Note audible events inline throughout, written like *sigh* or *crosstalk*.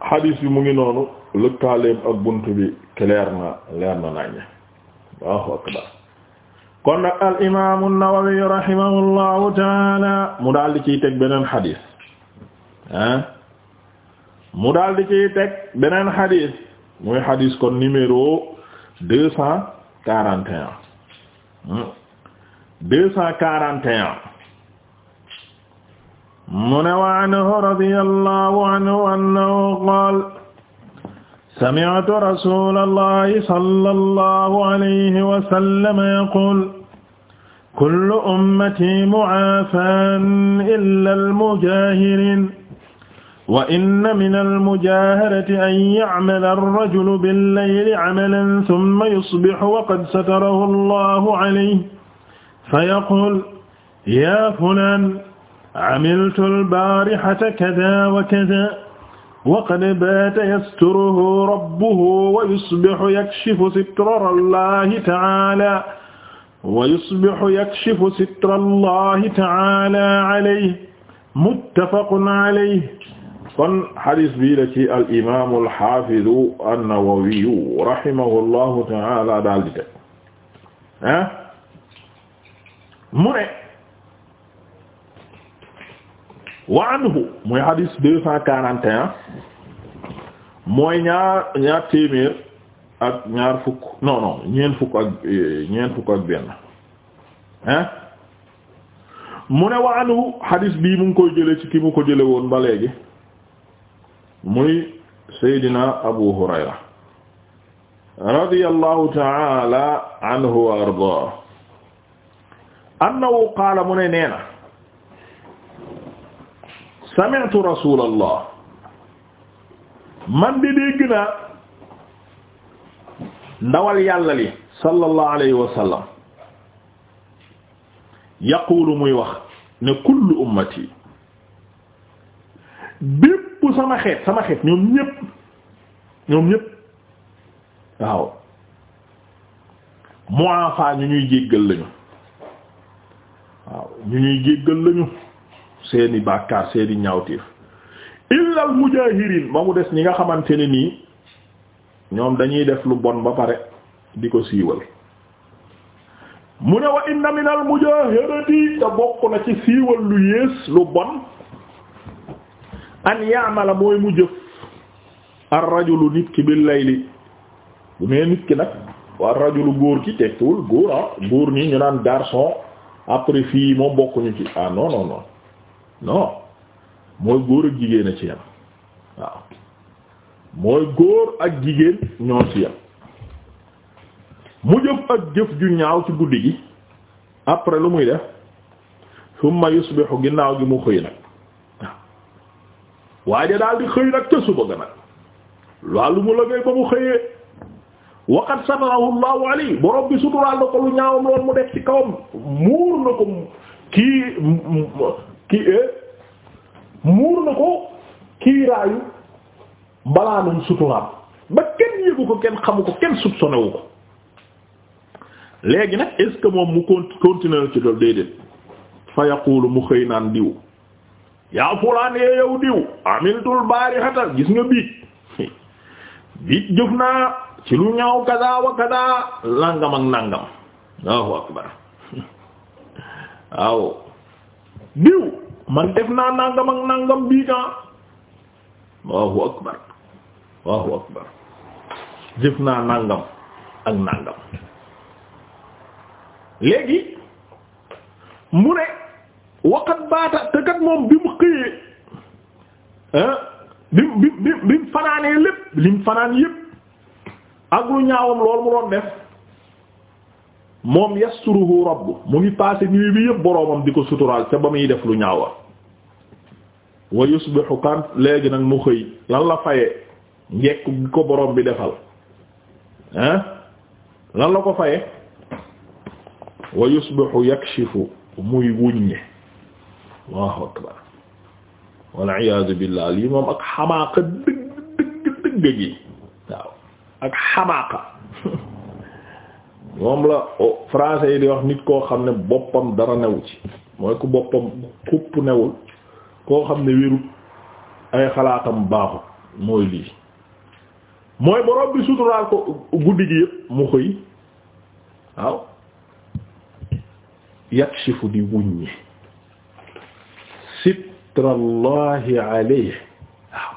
hadis bi mu ngi noonu lëkkaaleem ak bunt bi leer na leer na naññe waaw akbar kon al imaamu Nawawi rahimahullahu taala mu daal di ciy teg beneen xadis ah mu daal muy xadis kon numéro deux cent quarante et hmm? deux cent quarante et mu ne wa anhu radiyallahu anhu annahu qaala sami'tu rasulallahi sallallahu alayhi wa sallam yaqulu kullu ummati mu'aafan illa al-mujaahiriin wa inna mina al-mujaaharati an ya'mala ar-rajulu bil-layli 'amalan thumma yusbihu wa qad satarahu Allahu alayhi fa yaquulu yaa fulaan amiltu albaarihata kada wa kada wa qad baata yasturuhu rabbuhu wa yusbihu yakshifu sitra allahi ta'ala wa yusbihu yakshifu sitra allahi ta'ala alayhi muttafaqun alayhi kon hadis bii la ci al imaam al haafiz an-Nawawi rahimahullahu ta'ala daal di teg ah mu ne wa anhu muy hadis mooy ñaar ñaar téeméer ak ñaar fukk non non fukk ak ñeent fukk ak benn hein mu ne wa anhu hadis bii mu ngi koy jële ci ki mu ko jële woon ba léegi muy Seydina Abu Hurayra radiyallahu ta'ala anhu wa ardaa annahu qaala mu ne neena sami'tu rasulallah man di dégg naa ndawal yàlla li sallallahu alayhi wa sallam muy wax ne kullu ummati bépp sama xeet sama xeet ñoom ñépp ñoom ñépp waaw mu'afa ñu ñuy jéggal lañu waaw ñu ñuy jéggal lañu seeni bàkkaar seeni ñaawtiif illal mujaahirin ba mu des ñi nga xamante ne nii ñoom dañuy def lu bon ba pare di ko siiwal mu ne wa inna minal mujaahirati te bokk na ci siiwal lu yées lu bon an yaamala mooy mu jëf ar rajulu nit ki bil layli bu nee nit ki nag ar rajulu góor ki tekkiwul góor ah góor ñi ñu naan garçon après fii moom bokkuñu ci ah non non non non mooy góor ak jigéen a ci yam waaw mooy góor ak jigéen ñoo ci yam mu jëf ak jëf ju ñaaw ci guddi gi après lu muy def summa yusbihu ginnaaw gi mu xëy nag waaja daal di xëy nag ca suba ga nag loolu mu lëgëy ba mu xëyee waqad satarahu Allahu alayhi borom bi suturaal na ko lu ñaawam lool mu def ci kawam muur na ko kii ki e, muur na ko kiiraayu balaanum suturaam ba kenn yëgu ko kenn xamu ko kenn soupçonné wu ko léegi nag est-ce mu con continuer ci dol déedéet fa yaqulu mu xëy naan diw yaa fulaan yee yow diw amiltul baarixata gis nga biig *laughs* biig jëf naa ci lu ñaaw kadaa wa kadaa nàngam ak nàngam Allahu akbar *laughs* waaw diw man def naa nangam ak nangam bii temps Allahu akbar Allahu akbar def naa nangam ak nangam léegi mu ne waqat baata te moom bi mu xëyee ah bi bi bi bi mu fanaanee lépp li mu fanaan yépp ak lu ñaawam loolu mu doon def. moom yasturuhu rabbu mu ngi passé nuit bi yëpp boroomam di ko suturaal te ba muy def lu ñaawa wa yusbihu kan léegi nag mu xëy lan la faye njekk gi ko boroom bi defal hein lan la ko faye wa yusbihu yakshifu muy wuññe allahu moom ak xamaaqa dëgg dëgg dëgg gi waaw ak xamaaqa moom la français yi di wax nit koo xam ne boppam dara newu ci mooy ku boppam xupp newul koo xam ne wérut ay xalaatam baaxut mooy lii mooy borom bi suturaal ko guddi gi yëpp mu xëy waaw yakshifu di wuññi sitrallahi alayhi waaw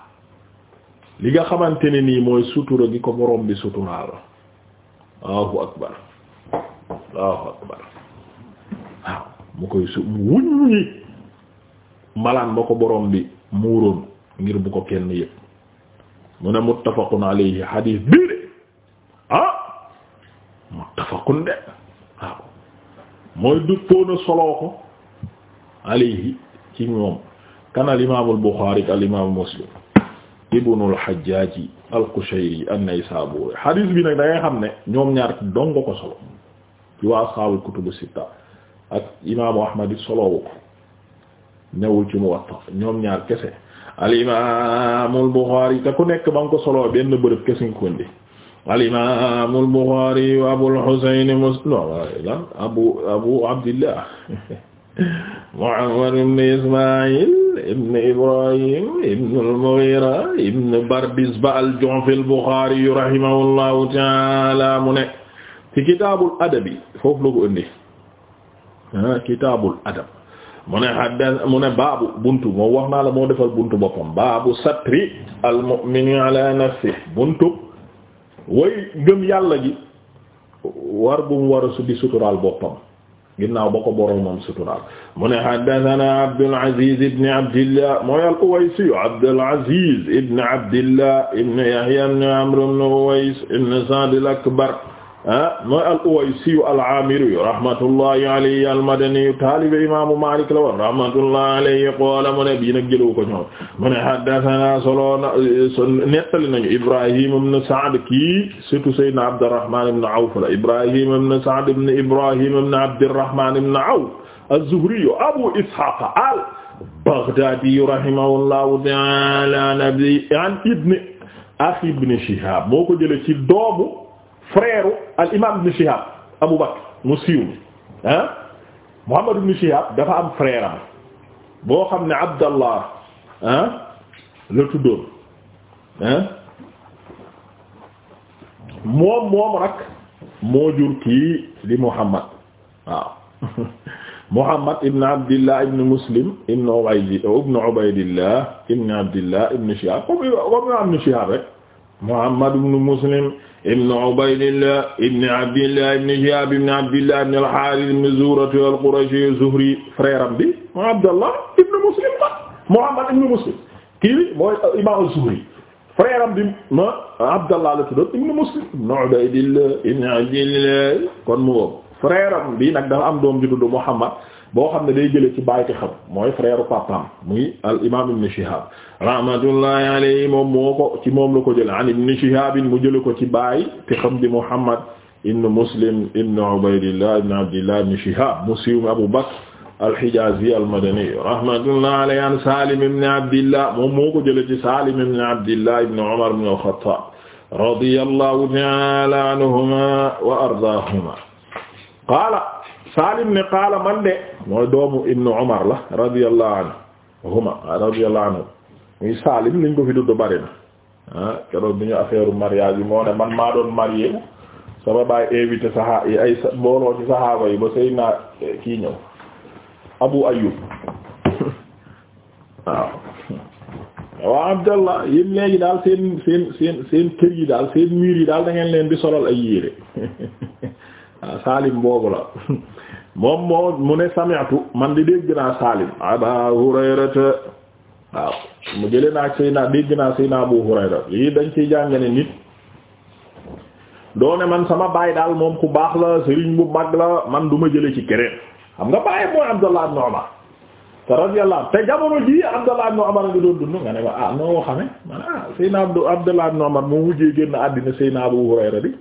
li nga xamante ne nii mooy sutura gi ko borom bi suturaal Allahu akbar Allahu waaw mu koy su wuññi malaan ba ko borom bi muuroon ngir bu ko kenn yëg mu ne muttafaqun alayhi hadis bii de ah muttafaqun de waaw mooy duppoona soloo ko alayhi ci moom kan al imaam al al imaam Muslim ibnul Hajjaaji al Qushayri an-Naysaabuuri hadis bi nag da ngay xam ne ñoom ñaar dong ko solo ci waa ashaabul kutubu sitta ak imaamu Ahmad solowu ko newul ci Muwatta ñoom ñaar kese al imaamul Buxaari te ku nekk ba nga ko solo benn bërëb kese nga ko indi al imaamul Buxaari wa Abul Husayn Muslim lan abu abu Abdillah *laughs* Muhammad ibn Ismaïl ibn Ibrahim ibn al-Mughira ibn Bardizbah al-Ju'fi al-Buxaari rahimahullahu ta'ala mu ne ci kitaabul adabi foofu la ko indi ah kitaabul adab mu ne hadda mu ne baabu buntu moom wax naa la moo defal buntu boppam baabu satri al mu'minu ala nafsi buntu way ngëm yàlla gi war bu mu war a su di suturaal boppam ginnaaw ba ko boromam suturaal mu ne haddathana Abdul Aziz ibn Abdillah mooy al Uwaysi Abdul Aziz ibn Abdillah ibn Yahya ibn Amr ibn Uways ibn Sa'd al-Akbar mooy al-Uwaysiyu al-Aamiriyu rahmatullahi alayhi al-Madaniyu taalibe imaamu Maalik la woon rahmatullahi alayhi qaala mu ne bii nag jëlawu ko ñoom mu ne haddasanaa solo nettali nañu Ibraahiim ibn Sa'd kii surtout Seydina Abdurrahmaan ibn Awf la Ibraahiim ibn Sa'd ibn Ibraahiim ibn Abdurrahmaan ibn Awf az-Zuhriyu Abu Ishaaq al-Baghdaadiyu rahimahullahu ta'aala nabi an ibn akhi ibn Shihaab moo ko jëlee ci doomu frère al imam ibn Shihab Abu Bakr mu siiw ah Muhammad ibn Shihab dafa am frère am boo xam ne Abdallah ah la tuddoon ah moom moom rak moo jur kii di Muhammad waaw *laughs* Muhammad ibn Abdillah ibn Muslim ibn Ubayd ibn Ubaydillah ibn Abdillah ibn Shihab comme comme ibn Shihab rek Muhammad ibn Muslim ibn Ubaydillah ibn Abdillah ibn Shihab ibn Abdillah ibn al-Harith ibn Zuhra al-Qurashi Zuhri frère am bi moo Abdallah ibn Muslim ba Muhammad ibn Muslim kii mooy imam Zuhri frère am bi ma Abdallah la tuddoon ibn Muslim ibn Ubaydillah ibn Abdillah kon mu frère am bi nag dafa am doom ju tuddu Muhammad boo xam ne day jële ci bàyyiti xam mooy frère papaam muy al imam ibn Shihab rahmatullahi alayhi moom moo ko ci moom la ko jële an ibn Shihab mu jële ko ci bàyyiti xam di Muhammad ibn Muslim ibn Ubaydillah ibn Abdillah ibn Shihab mu siiw Abu Bakr al-Hijazi al-Madani rahmatullahi alayhi an Salim ibn Abdillah moom moo ko jële ci Salim ibn Abdillah ibn Umar ibn al-Khattab radiyallahu ta'ala anhuma wa ardaahuma qaala Salim ne qaala man de mooy doomu Ibnu Umar la radiyallahu anhuma radiyallahu anhu muy Salim liñ fi dudd bari na ah keroog bi ñu affaire man maa doon marié sama baay invité saxaa yi ay mbooloo ci saxaaba yi ba sëy naa Abu Ayyub *laughs* waaw Abdallah yéen léegi daal seen seen daal seen miir daal da leen bi solal ay yére Salim *laughs* boobu la *laughs* moom moo mu ne sami'tu man di dégg naa Salim Aba Hurayrata waaw mu jëlee naa ak Seyna dégg naa Seyna Abu Hurayra lii dañ ciy jàngale nit doone man sama baay daal moom ku baax la sëriñ bu mag la man du ma jëlee ci keneen xam nga baay mooy Abdallah ibn Umar te radiyallahu te jamono jii Abdallah ibn Umar nga doon dund nga ne ma ah noo xame man ah Seyna Abdu Abdallah ibn Umar moo mujjee génn àddina Seyna Abu Hurayra di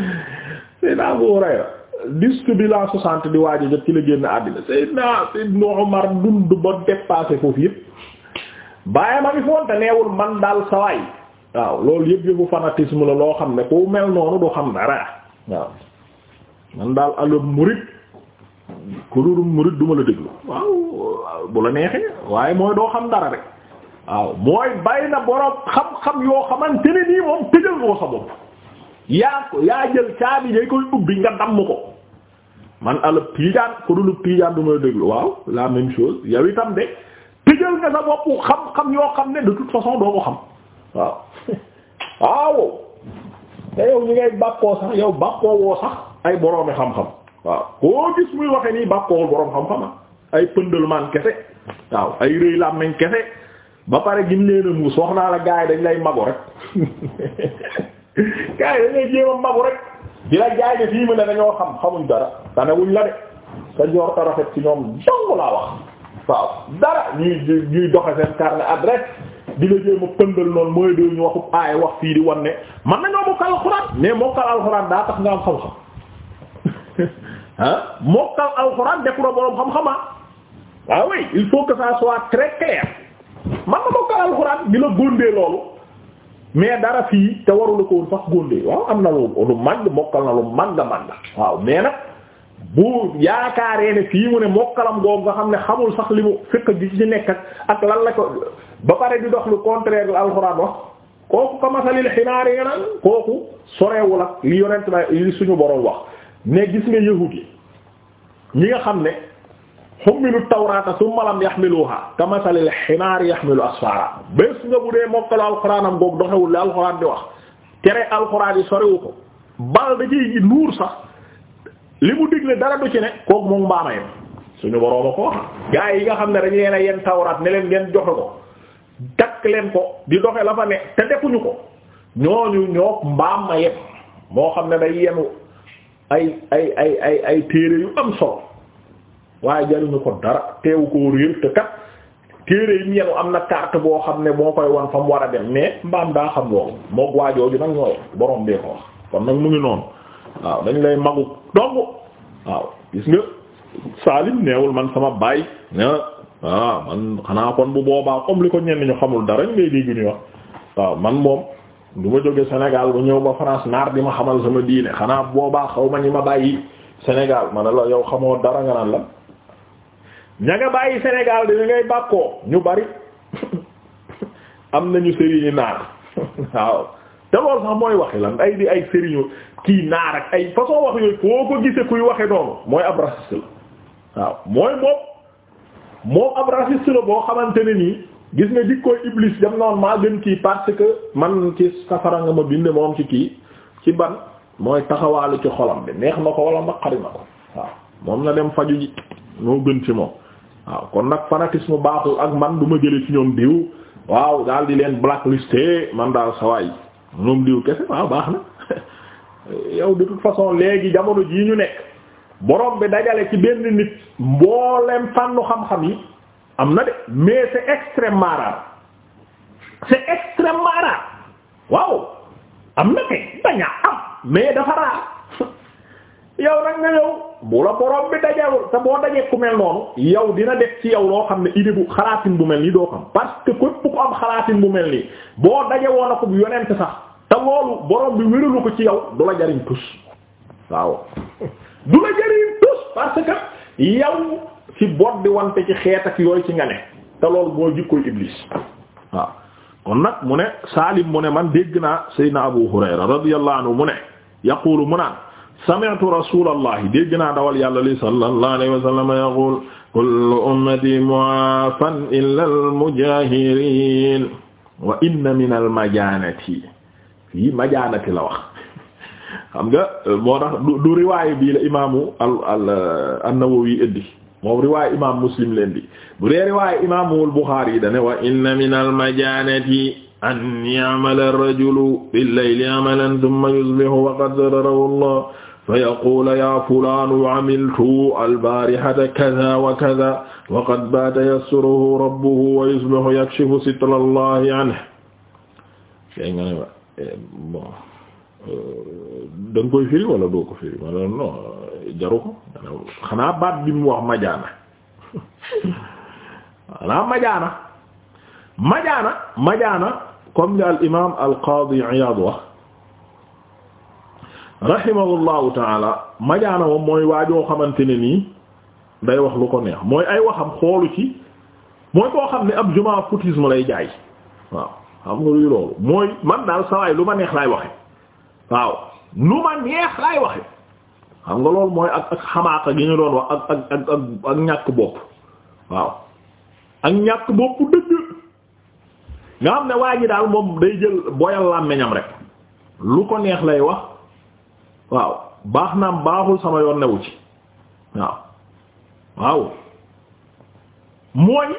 *laughs* Seyna Abu Hurayra disque bi la soixante di waajo jot ci la génn àddina Seydina Seydina Omar dund ba dépassé foofu yëpp bàyyam a ngi foon te neewul man daal sawaay waaw loolu yëpp yëppu fanatisme la loo xam ne ku mel noonu du xam dara waaw man daal alal murid ku dul murid du ma la waaw bu la neexee waaye mooy doo xam dara rek waaw mooy bay na borom xam-xam yoo xamante ne nii moom tëjal ko sa bopp yaa yaa jël caabi day koy ubbi nga damm ko man alëb tiijaan ko dulub tiijaan du may déglu waaw la même chose yow itam de tëjal nga sa bopp xam-xam yoo xam ne du toute façon doo ko xam waaw *laughs* waaw te yow ñi ngay bàkkoo sax yow bàkkoo woo sax ay boroomi xam-xam waaw koo gis muy waxe nii bàkkoowul boroom xam-xama ay pëndalmaan kese waaw ay rëy làmmiñ kese ba pare gin leen a muus wax naa la gars yi dañ lay magu rek *laughs* gars yi dañ lay jéem magu rek di la jaay ne fii mu ne dañoo xam xamuñ dara tanewuñ la de sa joor rafet ci ñoom dong laa wax waaw dara ñuy doxe seen carnet adresse di la jéem a pëndal noonu mooy de waxu aaya wax fii di wan ne man nañoo mokkal alxuraan mais mokkal alxuraan daa tax nga *laughs* xam-xam ah waaw ah oui il faut que ça soit très clair man na mokkal alxuraan di la góndee loolu mais dara fii te warula ko woon góndee waaw am na lu lu màgg mokkal na lu màgg màgg waaw mais nag bu yaakaaree ne fii mu ne mokkalam googu nga xam ne xamul sax li mu fekk gi ci nekk ak lan la ko ba pare di dox lu contraire lu alxuraan wax kooku ko masalil xinaari nga naan kooku sorewul ak li yonent gis nga yahuud yi nga xam ne xummilu tawraata summa lam yaxmiluha ka masalil xinaari yaxmilu asfara bés nga bu dee mokkalu alxuraanam googu doxewul li alxuraan di wax tere alxuraan yi sorewu ko bal da nuur sax li mu digle dara du ci ne kooku moom mbaama yem suñu boroom a ko wax gaa yi nga xam ne dañ leen a yen tawraat ne leen ngeen joxe ko takk leen ko di doxe la fa ne te defuñu ko ñooñu ñoo mbaam ma yem moo xam ne dañ yenu ay ay ay ay ay téere yu am solo waaye jariñu ko dara teewu koo réer te kat téere yu mu yenu am na carte boo xam ne moo koy wan fa mu war a dem mais mbaam daa xam loolu waa waajooju nag ñooy boroom bee ko wax kon nag mu ngi noonu waaw dañ lay magu dong waaw gis nga Salim neewul man sama baay ah man xanaa kon bu boobaa comme li ko ñenn ñu xamul dara ñu ngay dégg ñu waaw man moom du ma jóge Sénégal bu ñëw ba France naar di ma xamal sama diine xanaa boobaa xaw ma ñi ma bàyyi Sénégal ma ne la yow xamoo dara nga naan la ña nga bàyyi Sénégal dañu ngay bàkkoo ñu bari *laughs* am nañu sëriñi naar *laughs* waaw te loolu sax mooy waxe lan ay di ay sëriñu kii naa ak ay façon wax yooyu foo ko gise kuy waxe noonu mooy ab raciste la waaw mooy moom moom ab raciste la boo xamante ne nii gis nga dikkooy iblis jam noonu maa gën kii parce que man ci safara nga ma bind moom ci kii ci ban mooy taxawaalu ci xolam bi neex na ko wala naqari na ko waaw moom na dem faju ji moo gën ci moom waaw kon nag fanatisme baaxul ak man du ma jële ci ñoom diw waaw daal di leen blacklisté man daal sawaay ñoom diw kese waaw baax na yow de toute façon léegi jamono jii ñu nekk borom bi dajale ci benn nit mboolem fànnu xam-xam yi am na de mais c'est extrêmement rare c'est extrêmement waaw am na kay dañaa am mais dafa rare yow nag nga yow bu la borom bi dajewul te boo dajee ku mel noonu yow dina def ci yow loo xam ne idée bu xalaatin bu mel nii doo xam parce que ku am xalaatin bu mel nii boo daje woon bu yonent sax te loolu borom bi wéralu ko ci yaw du la jariñ tus waaw du la jariñ tus parce que yow ci bot di wante ci xeet ak yooyu ci nga ne te loolu mooy jikkoy iblis waaw kon nag mu ne Salim mu ne man dégg naa Seydina Abu Hurayra radiyallahu anhu mu ne yaqulu sami'tu rasulallahi dégg naa dawal yàlla li sallallahu alayhi wa sallam yaqul kullu ummati mu'afan illa al-mujahirin wa inna min al-majanati fii majanati la wax xam nga moo tax du riwaaya bii la imaamu al al an-Nawawi indi moom riwaaya imaam Muslim leen di bu dee riwaaya imaamu al-Bukhari yi dane wa inna min al-majanati an ya'mala ar-rajulu bil-layli amalan thumma yusbihu wa qad satarahu Allah fa yaqula ya fulanu amiltu albarihata kada wa kada wa qad baata yassuruhu rabbuhu wa yusbihu yakshifu sitra allahi anhu kay nga ne wa eh, bon eh, da nga koy firi wala doo ko firi ma non jaru ko xanaa baat bi mu wax majaana *laughs* xanaa majaana majaana majaana comme li al imam al qaadi Iyaad wax rahimahullahu taala majaana moom mooy waajoo xamante ne nii day wax lu ko neex mooy ay waxam xoolu ci mooy koo xam ne ab jumaa foutisme lay jaay waaw xam nga luy loolu mooy man daal sawaay lu ma neex laay waxe waaw lu ma neex laay waxe xam nga loolu mooy ak ak xamaaka gi ñu doon wax ak ak ñàkk bopp waaw ak ñàkk bopp dëgg nga xam ne waa ji daal moom day jël boyal làmmiñam rek lu ko neex lay wax waaw baax naam baaxul sama yoon newu ci waaw waaw mooy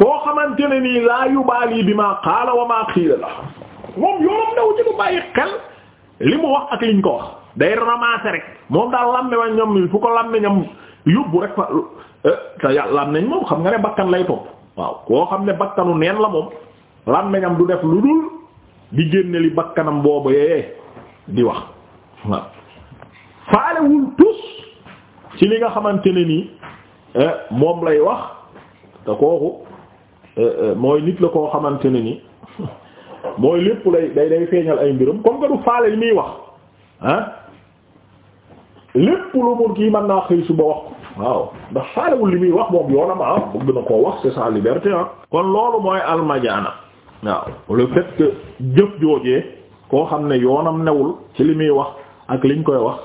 koo xamante ne nii laa yubaali bi maa qaala wa maa xiila moom yoonam newu ci bu bàyyi xel li mu wax ak liñ ko wax day ramasser rek moom daal lamme wa ñoom fu ko lamme ñam yóbbu rek fa euh, te yàlla nañ moom xam nga ne bakkan lay waaw koo xam ne bakkanu neen la moom lam nañam du di génne li bakkanam boobu yee di wax waaw faalewul tus ci li nga xamante ne nii eh, moom lay wax te kooku eh, eh, mooy nit la koo xamante ne nii *laughs* mooy lépp lay day day feeñal ay mbiram comme que du faale li muy wax ah lépp lu mu kii mën naa xëy suba wax ko waaw ndax faalewul li muy wax moom yoonam ah bëgg na koo wax c'est sa liberté ah kon loolu mooy almajaana waaw le fait jëf joojee koo xam ne yoonam newul ci li muy wax ak liñ koy wax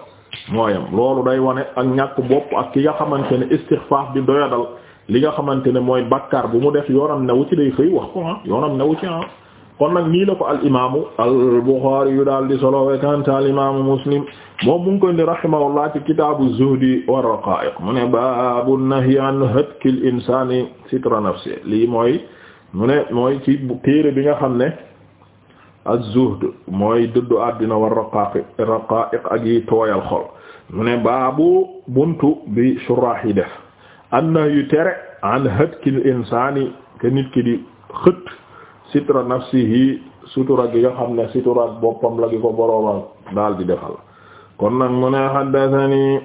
mooyam loolu day wane ak ñàkk bopp ak ki nga xamante ne istixfaaf bi doyadal li nga xamante ne mooy bàkkaar bu mu def yoonam newu ci day xëy wax ko ah yoonam newu ci ah kon nag nii la ko al imaamu al Buxaari yu daal di solowee kanta al imaamu Muslim moom mu ngi koy ni rahimahullah ci kitaabu zuhdi wa raqaa'iq mu ne baabu nahyi an hatkil insaani sitra nafsi lii mooy mu ne mooy ci téere bi nga xam ne az-zuhd mooy dëddu àddina war raqaa'iq ak yi tooyal xol mu ne baabu buntu bi shuraax yi def anna yu tere an hatkil insaani ke nit ki di xët sitra nafsihi sutura gi nga xam ne sutura boppam la gi daal di defal kon nag ne haddathani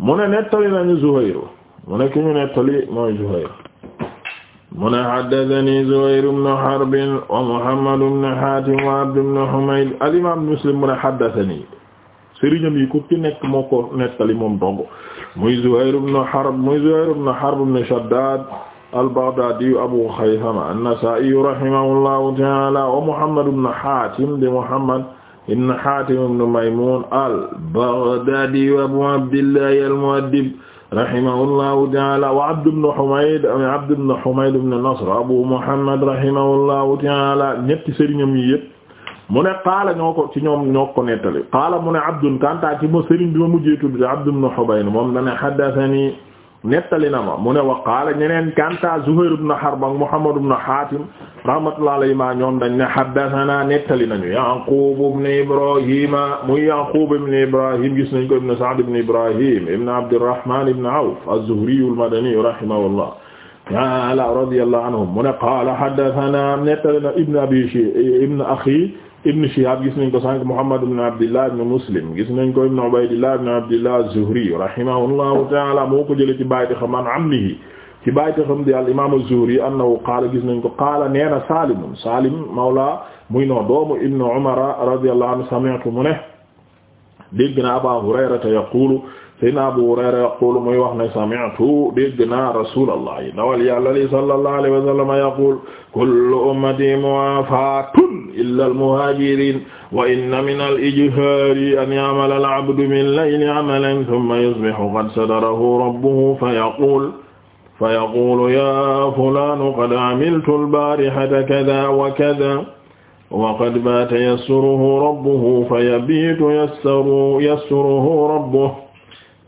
mu ne nettali nañu Zuhayr mu ne nettali mooy Zuhayr mu ne haddathani Zuhayr ibn Harb wa Muhammad ibn Hatim wa Abd ibn Humayd al-imam Muslim mu ne haddathani sëriñam yi ku ci nekk moo ko nettali moom dong muy Zuhayr ibn Harb muy Zuhayr ibn Harb ibn Shaddad al-Baghdadi Abu Khaythama an-Nasa'i rahimahullahu ta'ala wa Muhammad ibn Hatim de Muhammad ibn Hatim ibn Maymun al-Baghdadi Abu Abdillah al-Mu'addib rahimahullahu ta'ala wa Abd ibn Humayd Abd ibn Humayd ibn Nasr Abu Muhammad rahimahullahu ta'ala ñetti sëriñam yi yëpp mu ne qaala ñoo ko ci ñoom ñoo ko nettali qaala mu ne Abdun Kanta ci ma sëriñ bi ma mujjee tudd Abd ibn Humayd moom dana haddathani nettali na ma mu ne wa qaala ñeneen kanta Zuhayr ibn Harb ak Muhammad ibn Hatim rahmatullahi alayhima ñoom dañ ne haddathana nettali nañu Yaqub ibn Ibrahima muy Yaqub ibn Ibrahim gis nañ ko ibn Sa'd ibn Ibrahim ibn Abdurrahman ibn Awf az-Zuhri al-Madani rahimahullah ta'ala radiyallahu anhum mu ne qaala haddathana nettali na ibn abi ibn akhi ibn Shihab gis nañ ko sànq Muhammad ibn Abdillah ibn Muslim gis nañ ko ibn Ubaydillah ibn Abdillah az-Zuhri rahimahullahu ta'ala moo ko jëlee ci bàyyi xam an ammihi ci bàyyi xam di al imam az-Zuhri annahu qaala gis nañ ko qaala nee na Salim Salim mawla muy noo doomu ibn Umar radiyallahu anhu sami'tu mu ne dégg naa Aba Hurayrata yaqulu sayna Abu Hurayra yaqulu muy wax ne sami'tu dégg naa rasulallah yi dawal yàlla li sallallahu alayhi wa sallam yaqul kullu ummati mu'afatun illa al-muhajirin wa inna min al-ijhari an ya'mala al-'abdu min layli 'amalan thumma yusbihu qad satarahu rabbuhu fa yaqul fa yaqulu ya fulanu qad 'amiltu al-barihata kadha wa kadha وقد بات يسره ربه فيبيت يسره ربه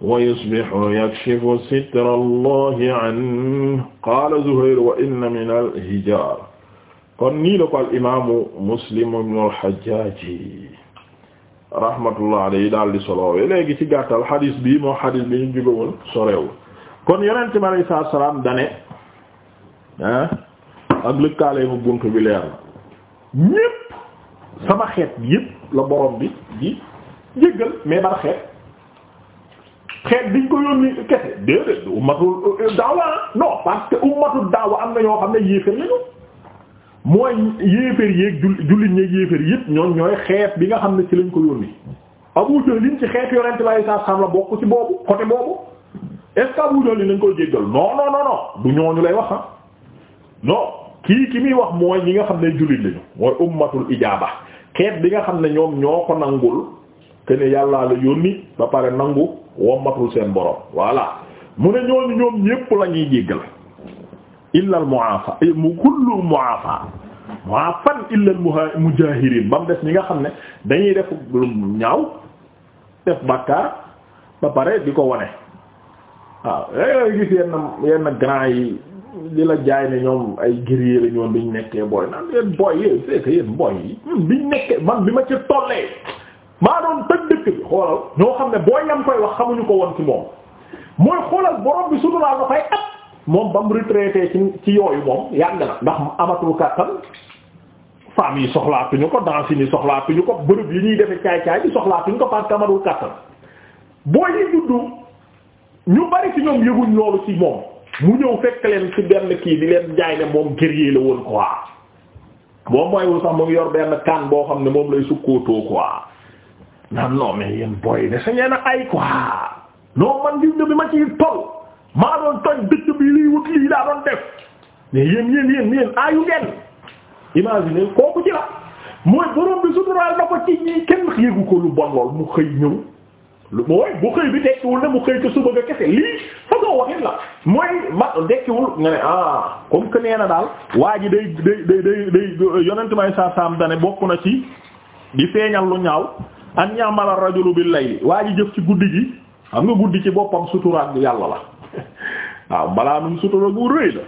wa yusbihu yakshifu sitra allahi anhu qaala Zuhayr wa inna min al-hijaar kon nii la ko al imaamu Muslim ibn al-Hajjaaj rahmatullah alayhi daal di solowee léegi ci gàttal xadis bi moo xadis bi ñu jugawul sorewul kon yonente mi alayhi salaatu salaam dane ah ak lëkkaale mu bunt bi leer na ñépp sama xeet yépp la borom bi di jéggal mais ban xeet xeet biñ ko yónni kese déedéet du ummatul euh, daawa non parce que ummatul daawa am na ñoo xam ne yéeféer lañu mooy yéeféer yéeg jullit ñeeg yéeféer yëpp ñoon ñooy xeet bi nga xam ne ci lañ ko yónni Abu Jahl ci xeet yonent bi sallallahu alayhi la bokk ci boobu côté boobu est-ce que Abu Jahl lañ koy jéggal non non non non du lay wax ah non kii ki muy wax mooy ñi nga xam ne jullit lañu mooy ummatul ijaaba xeet bi nga xam ne ñoom ñoo ko nangul que ne yàllaa yónni ba pare nangu wommatul seen borom voilà mu ne ñooñu ñoom ñépp la ñuy jéggal illa al mu'afa eh, mu kullu mu'afa mu'afan illa al mujahirin ba mu des ñi nga xam ne dañuy def ñaaw def bàkkaar ba pare di ko wone waaw yooyu eh, gis yenn yenn grand yi li la jaay ne ñoom ay guerrier la ñoon ñu nekkee booy naan yéen booy yi c'est que booy yi biñ nekkee man bi ma ci tollee maa doon tëj dëkk xoolal ñoo xam ne boo yam koy wax xamuñu ko woon ci moom mooy xoolal borom bi suturaal na fay at moom ba mu retraité ci ci yooyu moom yàgg na ndax amatul kàttan femmes yi ñu ko danse yi soxlaatuñu ko bërëb yi ñuy defe caay caay bi soxlaatuñu ko parce que amatul kàttan boo yi juddu ñu bari ci ñoom yëguñ loolu ci moom mu ñëw fekk leen si benn kii di leen jaay ne moom guerrier la woon quoi boo mooywul sax mu ngi yor benn kan boo xam ne moom lay sukkootoo naan non mais yéen de sa ngeen a ay quoi non man gis nga bi ma ciy toll maa doon toj dëkk bi lii wut lii daa doon def mais yéen yéen yéen yéen ngeen imagine kooku ci la mooy borom bi suturaal na ko ci ñi kenn yëgu ko lu bon mu xëy ñëw lu mooy bu xëy bi dekkiwul ne mu xëy te suba nga kese lii façon waxin la mooy ma dekkiwul nga ah comme que nee na daal waa ji day day day day yonent may sa saam bokk na ci di feeñal lu ñaaw an ya'mal ar-rajulu bil layli waa jëf ci guddi gi xam nga guddi ci boppam sutura yàlla la *laughs* waaw balaa num sutura gu rëy la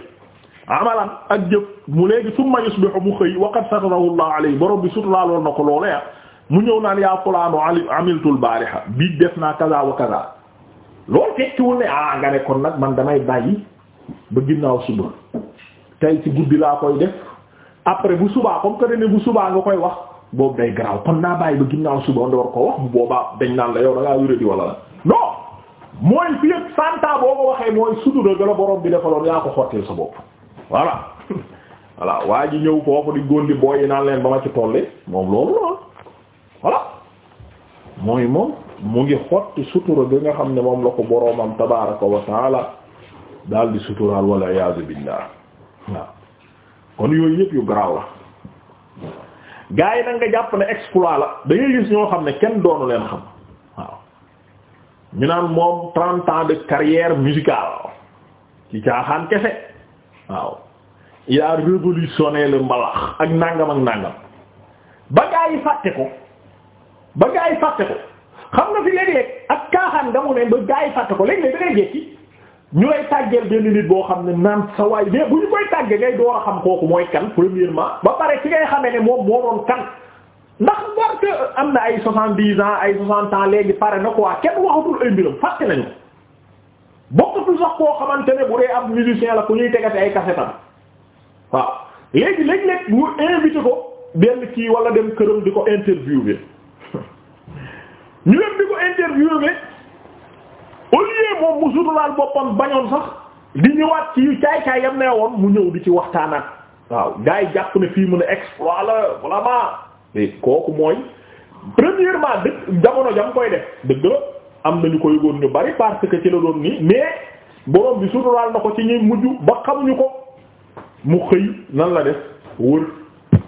amalan ak jëf mu léegi summa yusbihu mu xëy wa qad satarahu Allah alayhi borom bi suturaaloon na ko loole ya ah. mu ñëw naan yaa fulaanu amiltul baariha bii def naa kaza wa kaza loolu tekkiwul ne ah nga ne kon nag man damay bàyyi ba ginnaaw suba tey ci guddi laa koy def après bu subaa comme que ne bu subaa nga koy wax boobu day garaaw kon naa bàyyi ba ginnaaw suba nga war ko wax bu boobaa dañ naan la yow da ngaa wéradi la non mooy fii ak santa boo waxee mooy sutura gala borom bi defaloon yaa ko xotteel sa bopp voilà *laughs* voilà waa ji ñëw kooku di góndi booy yi naan leen ba ma ci tollee moom loolu lool voilà mooy moom mu ngi xotti sutura bi nga xam ne moom la ko boroomam tabaraka wa taala daal di suturaal wala iyaazu billah waaw kon yooyu yëpp yu garaaw la gaa yi nag nga jàpp ne exploit la da gis ñoo xam ne kenn doonu leen xam waaw ñu naan moom trente ans de carrière musicale ci caaxaan kese waaw il a révolutionné le mbalax ak nàngam ak nàngam ba gaa yi fàtte ko ba gaa yi fàtte ko xam nga fi léeg-léeg ak caaxaan nga mu ne ba gaa yi fàtte ko léeg-léeg da jekki ñu lay tàggeel benn nit boo xam ne naan sa waay mais bu ñu koy tàggee ngay door a xam kooku mooy kan premièrement ba pare ci ngay xamee ne moom moo doon kan ndax war que am na ay soixante-dix ans ay soixante ans léegi pare na ko quoi kenn waxatul ay mbiram fàtte nañu bokkatul sax koo xamante ne bu dee am musicien la ku ñuy tegati ay kasetam waaw léegi léeg-léeg ñu invité ko benn kii wala dem këram di ko interviewé *laughs* ñu dem di ko interviewé au lieu moom mu suturaal boppam bañoon sax di ñëwaat ci yu caay caay yam nee woon mu ñëw di ci waxtaanaat waaw gars yi jàpp ne fii mu ne exploit la vraiment kooku mooy premièrement dëkk jamono jam koy def dëgg la am nañu koy yëgoon ñu bari parce que ci la doon nii mais borom bi suturaal na ko ci ñuy mujj ba xamuñu ko mu xëy nan la def wër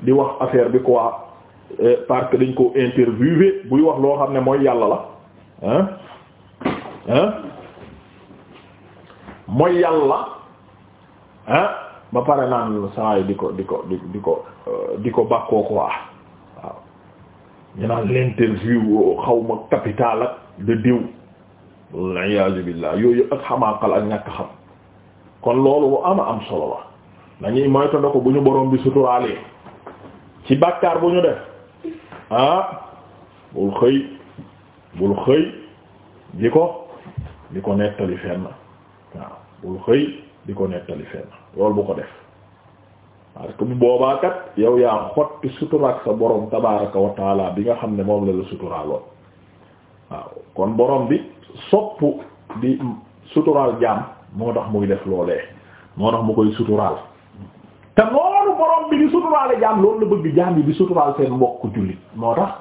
di wax affaire bi quoi euh, parce que dañ ko interviewé buy wax loo xam ne mooy yàlla la ah mooy yàlla ah ba pare naan saay di ko di ko di di ko euh, di ko bàkkoo ko waaw ñu naan l'interview xaw ma capital ak de diw waliyasu billah yooyu ak xamaaqal ak ñàkk xam kon loolu bu ama am solo la dañuy moytandoo ko bu ñu borom bi suturaalee ci bàkkaar bu ñu def ah bul xëy bul xëy di ko di ko nettali fenn waaw bul xëy di ko nettali fenn loolu bu ko def parce que bu boobaa yow yaa xotti suturaak sa borom tabaaraka wa bi nga xam ne moom la la suturaaloon waaw kon borom bi soppu di suturaal jaam moo tax muy def loolee moo tax mu koy suturaal te noonu borom bi di suturaale jaam loolu la bëgg jaam yi di suturaal seen mbokk jullit moo tax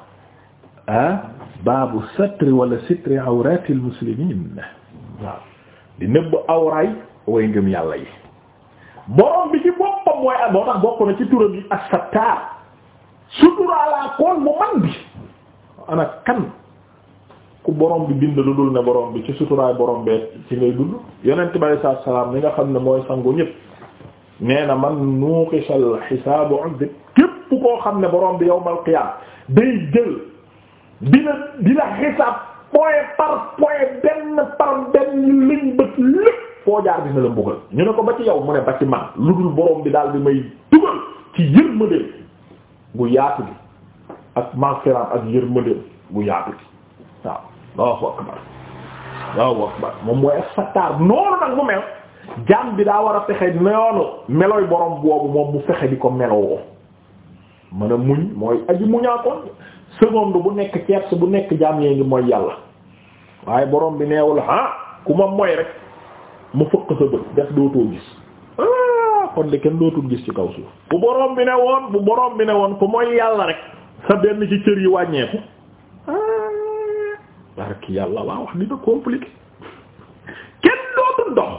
baabu satri wala sitri awratil muslimin waaw di nëbb awraay way ngëm yàlla yi borom bi ci boppam mooy moo tax bokk na ci turam yi as-Sattar suturaalaa koon mu man bi ana kan ku borom bi bind lu dul ne borom bi ci suturaay borom bee ci ngay dund yonent bi alayhi salaam li nga xam ne mooy sangu ñëpp nee na man nuuqishal xisaabu udib képp koo xam ne borom bi yawmal qiyaam day jël dina dina xisaab point par point benn par benn liñ bët lépp foo jaar dina la mbugal ñu ne ko ba ci yow mu ne ba ci man lu dul borom bi daal di may dugal ci yërmande gu yaatu gi ak maghfirah ak yërmande gu yaatu gi moom mooy as noonu nag mu mel jaam bi daa war a fexe noonu melooy borom boobu moom mu fexe di ko meloo mën a muñ mooy aji muñaa seconde bu nekk tierce bu nekk jaam yee ngi mooy yàlla waaye boroom bi neewul ah ku ma mooy rek mu fëkk sa bët def dootoo gis ah kon de kenn dootul gis ci kaw suuf bu borom bi ne woon bu borom bi ne woon ku mooy yàlla rek sa benn ci cër yi wàññeeku ah, barki yàlla waa wax dina compliqué kenn dootul dox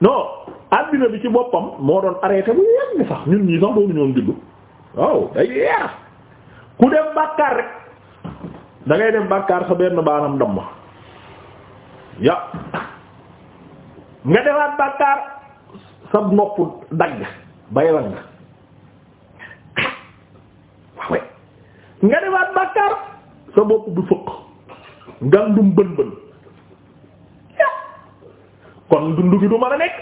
non addina bi ci boppam moo doon arrêté bu yàgg sax ñun ñii sax doonuñoon juddu waaw day yeex ku def bàkkaar rek da ngay def bàkkaar sa benn baanam damm ya nga defaat bàkkaar sa nopp dagg bayla nga waawe nga defaat bàkkaar sa bopp bi fëq ngandum bën bën kon dundu du mën a nekk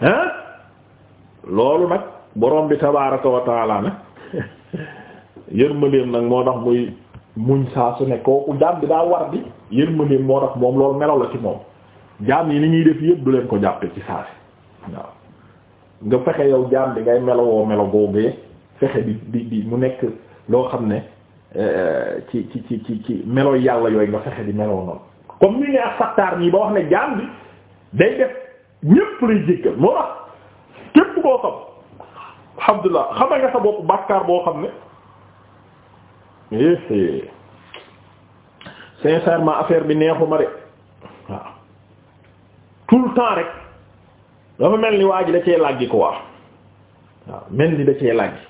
hein loolu nag borom bi tabaaraka wa taala *laughs* yërmandeem nag moo tax muy muñ saa su nekkooku kooku jaam bi daa war bi yërmandeem moo tax moom loolu melaw la ci moom jaam yi ni ñuy def yëpp du leen ko jàppe ci saa si waaw nga fexe yow jaam bi ngay melowoo melo googee fexe di di mu nekk loo xam ne eh, ci ci ci ci ci melo yàlla yooyu nga fexe di meloo noonu comme lay jéggal moo tax képp koo xam alhamdulilah xam nga sa bopp bàkkaar boo xam ne éé eh, eh. sincèrement affaire bi neexuma de waaw tout le temps rek dafa mel ni waa da cee làggi ko waaw waaw mel ni da cee làggi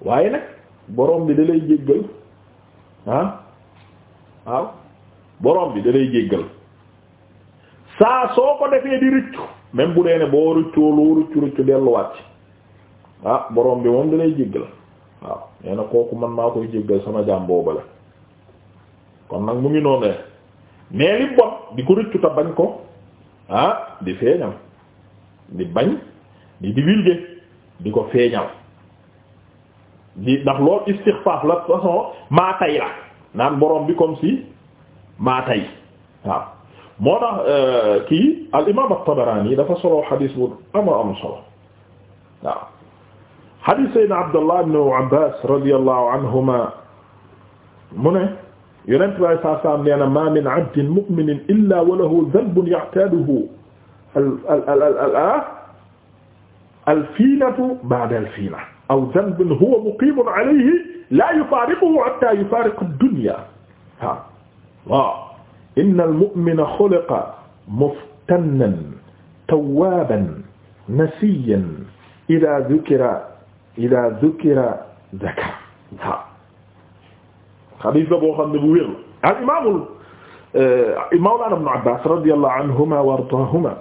waaye nag borom bi da lay jéggal ah? waaw borom bi da lay jéggal saa soo ko defee di rëccu même bu dee ne boo rëccoo loo rëccu ah borom bi moom dalay jéggal waaw nee na kooku man naa koy jéggal sama jaam boobale kon nag mu ngi noonu ne mais li bot di ko rëccu ta bañ ko ah di feeñal di bañ di divulguer di ko feeñal di ndax loolu istixfaaf la façon maa tay la naan borom bi comme si maa tay waaw moo tax euh, kii al imam at-Tabarani dafa solo xadiis bu ama am solo waaw xadiis saydna abdullah ibn abbas radiyallahu anhuma mu ne yonent bi saa saam nee na ma min abdin mu'minin illa wa lahu dhanbun ya'taduhu al al al al ah? alfiinatu ba'da alfiina aw dhanbun huwa muqiimun alayhi laa yufaariquhu hattaa yufaariqa ad-dunya ha waaw inna al-mu'mina xuliqa muftannan tawwaaban nasiyyan idaa dhukira ida dukira zakar waaw xadiis boo xam ne bu wér la al imaamul eh, mawlaana ibnu abbaas radiyallahu anhuma wa ardaahuma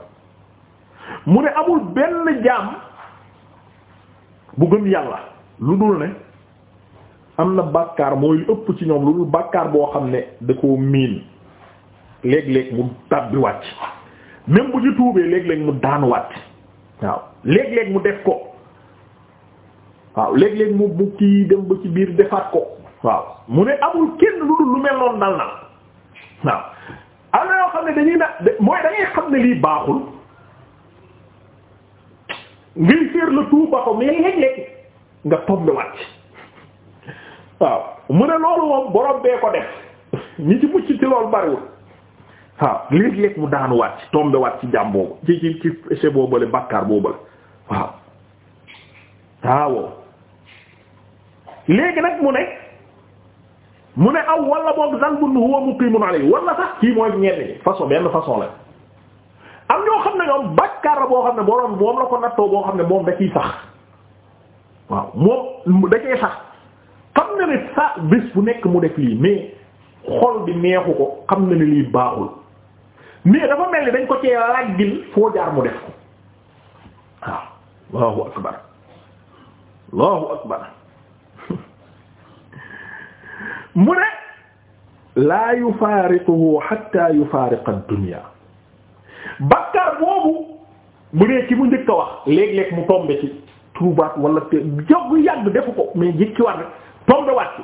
mu ne amul benn jaam bu gëm yàlla lu dul ne am na bàkkaar mooy lu ëpp ci ñoom lu dul bàkkaar boo xam ne da koo miin léeg-léeg mu tàbbi wàcc même bu ci tuubee léeg-léeg mu daan wàcc waaw léeg-léeg mu def ko waaw léeg-léeg mu mu dem ba ci biir defaat ko waaw mu ne amul kenn lu dul lu mel noonu dal na waaw am na yoo xam ne dañuy na mooy da ngay xam ne lii baaxul ngay faire la tout ba ko mais léeg-léeg nga tombe wàcc waaw mu ne loolu moom borom bee ko def ñi ci mucc ci loolu bariwul waaw léeg-léeg mu daanu wàcc tombe wàcc ci jàmm boobu ci ci ci se boobale bàkkaar boobale waaw waawoo léegi nag mu ne mu ne aw wala boog zanbun huwa muqimun alayhi wala sax kii mooy ñenn ñi façon benn façon la am ñoo xam ne ñoom bàkkaar la boo xam ne boroom moom la ko nattoo boo xam ne moom da ciy sax waaw moom da ciy sax xam na ne sa bés bu nekk mu def lii mais xol bi neexu ko xam na ne lii baaxul mais dafa mel ni dañ ko cee laggil foo jaar mu def ko waaw allahu akbar allahu akbar mu ne laa yufaariquhu hatta yufaariqa ad-dunya bakkaar boobu bu dee ci mu njëkk a wax léeg-léeg mu tombe ci trouvaat wala te jog yàgg defu ko mais njëkki war rek tombe waat ci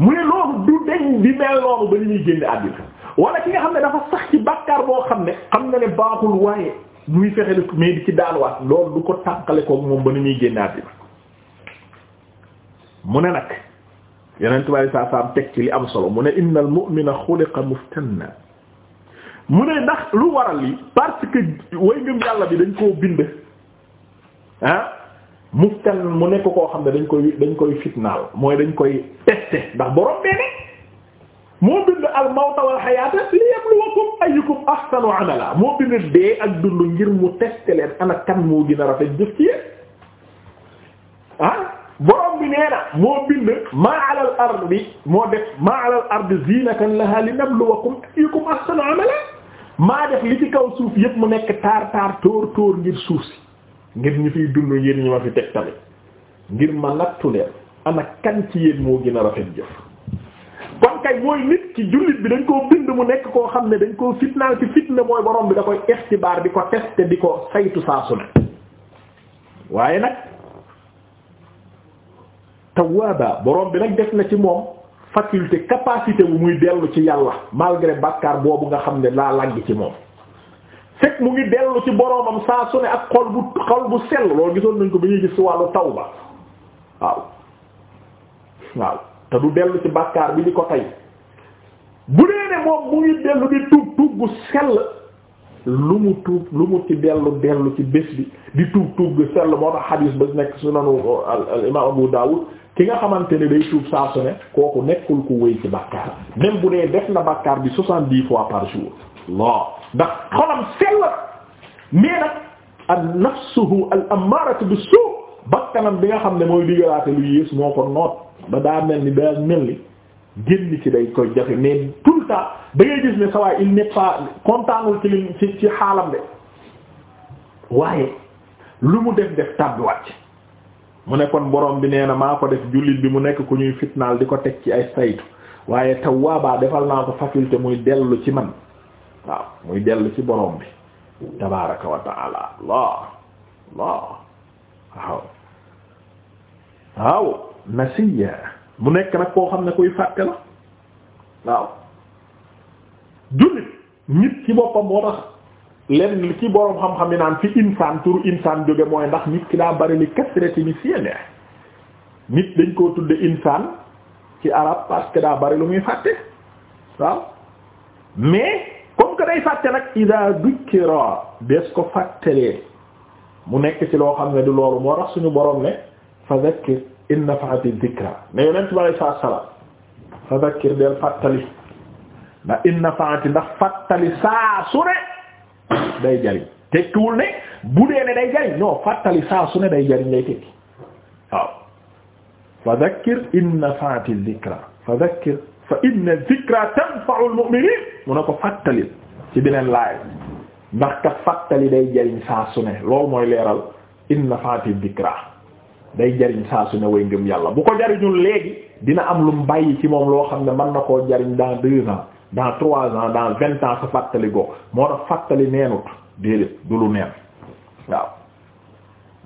mu ne loolu du deñ di mel noonu ba li ñuy génn àddina wala ki nga xam ne dafa sax ci bakkaar boo xam ne xam na ne baaxul waaye muy fexe mais di ci daanuwaat loolu du ko tàqale koog moom ba ni muy génn àddina mu ne nag yeneen tubaab yi saa saam teg ci li am solo mu ne innal mu'mina xuliqa muftanna mu ne ndax lu waral li parce que way ngëm yàlla bi dañ koo bind ah muftan mu nekk koo xam ne dañ koy dañ koy fitnaal mooy dañ koy testé ndax borom bee ne moo bind al mawta wal xayaata liyabluwakum ayyukum ahsanu amala moo bind dee ak dund ngir mu testé leen ana kan moo gën a rafet jëf ci yéen nee moo bind maa alal bi moo def maa alal ardi zinatan laha linabluwakum ayyukum ahsanu amala maa def li ci kaw suuf yëpp mu nekk taar taar tóor tóor ngir suuf si ngir ñu fiy dund yéen ñi ma fi teg tamit ngir ma nattu leen ana kan ci yéen moo gën a rafet jëf kon kay mooy nit ci jullit bi dañ koo bind mu nekk koo xam ne dañ koo fitnaal ci fitna mooy borom bi da koy ixtibaar di ko tester di ko saytu saa su ne waaye nag tawwaaba boroom bi nag def na ci moom faculté capacité bu muy dellu ci yàlla malgré bàkkaar boobu nga xam ne laa lagg ci moom fekk mu ngi dellu ci boroomam saa su ne ak xol bu xol bu sell loolu gisoon nañ ko ba ñuy gis wàllu tawba waaw waaw te du dellu ci bàkkaar bi di ko tey bu dee ne moom mu ngi dellu di tuub tuub sell lu mu tuub lu mu ci dellu dellu ci bés bi di tuub tuub gu sell moo tax xadiis ba nekk sunan al imaam Abu Dawud ki nga xamante ne day suuf saa su kooku nekkul ku wéy ci bàkkaar même bu dee def na bàkkaar bi soixante-dix fois par jour laa ndax xolam sellat mais nag an al ammaratu bi suu bakkanam bi nga xam ne mooy digalaate lu yées moo ko noot ba daa mel ni daa mel ni génn ci day koy jafe mais tout le temps da ngay gis ne sa il n'est pas kontaanul ci li ci xaalam de waaye lu mu def def tàbbiwaat mu nekkoon kon borom bi nee na maa ko def jullit bi mu nekk ku ñuy fitnaal di ko teg ci ay saytu waaye tawwaabaa defal naa ko faculté muy dellu ci man waaw muy dellu ci borom bi tabaaraka wa waaw waaw nasiya mu nekk nag koo xam ne kuy fàtte la waaw jullit nit ci boppam moo tax lenn ci borom xam-xam yi naan fi insaan turu insaan jóge mooy ndax nit ki daa bari li kasrati nisyaan nit dañ koo tudde insaan ci arab parce que daa bari lu muy fàtte waaw mais comme que day fàtte nag ida dukkira des ko fàttelee mu nekk ci loo xam ne du loolu moo tax suñu borom ne fa zakkir in nafa'ati dhikra ne yonent bi alei saatu salam fa zakkir del fàttali ndax in nafa'ati ndax fàttali saa su ne day jariñ tekkiwul ne bu dee ne day jariñ non fàttali saa su ne day jariñ lay tekki waaw fa dhakkir in nafa'ati dhikra fa dhakkir fa inna dhikra tanfa'u al-mu'minin mu ne ko fàttali ci beneen laay ndax ka fàttali day jariñ saa su ne loolu mooy leeral in nafa'ati dhikra day jariñ saa su ne way ngëm yàlla bu ko jariñul léegi dina am lum mu bàyyi ci moom loo xam ne mën na koo jariñ dans deux dans trois ans dans vingt ans sa fàttali gox moo tax fàttali neenut déedéet du lu neen waaw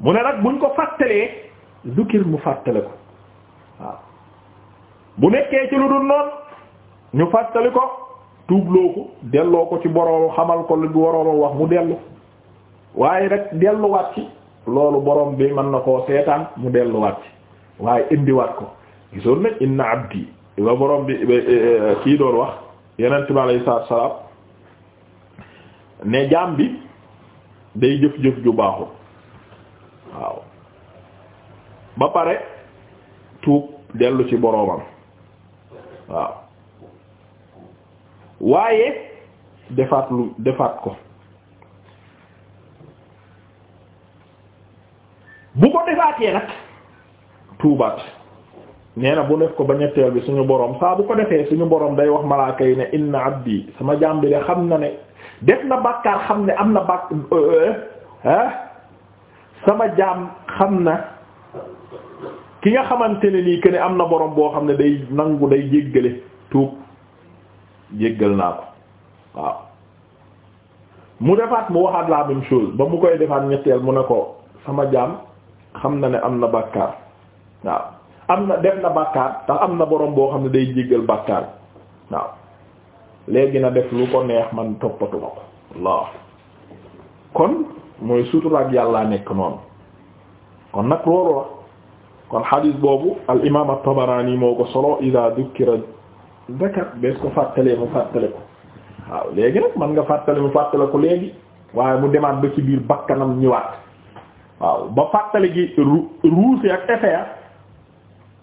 mu ne nag buñ ko fàttalee zikir mu fàttale ko waaw bu nekkee ci lu dul noonu ñu fàttali ko tuubloo ko delloo ko ci boroom xamal ko lu waroon wax mu dellu waaye rek delluwaat ci loolu borom bi mën na koo seetaan mu delluwaat ci waaye indiwaat ko gisoon nañ inna abdi ba borom bi kii doon wax yeneen bi alayhi salaatu salaam ne jaam bi day jëf-jëf ju baaxul waaw ba pare tuub dellu ci boroomam waaw waaye defaat lu defaat ko bu ko defaatee nag tuubaat nee bu nekk ko ba ñetteel bi suñu borom saa bu ko defee suñu boroom day wax malaakay ne inna abdi sama jaam bi de xam na ne def na bàkkaar xam ne am na bàk euh, euh, ah xam na ki nga xamante ne nii que ne am na boroom boo xam ne day nangu day jéggale tuub jéggal naa ko waaw mu defaat mu waxaat la même chose ba mu koy defaat ñetteel mu ne ko sama jaam xam na ne am na bàkkaar waaw am na def na bàkkaar ndax am na borom boo xam ne day jéggal bàkkaar waaw léegi na def lu ko neex man toppatu ma ko waaw kon mooy suturaak yàllaa nekk noonu kon nag loolu la kon xadiis boobu al imaam at moo ko solo idaa dukkira dakar bees ko fàttalee mu fàttale ko waaw léegi nag man nga fàttale mu fàttale ko léegi waaye mu demaat ba ci biir bakkanam ñëwaat waaw ba fàttale gi ruuse ak effet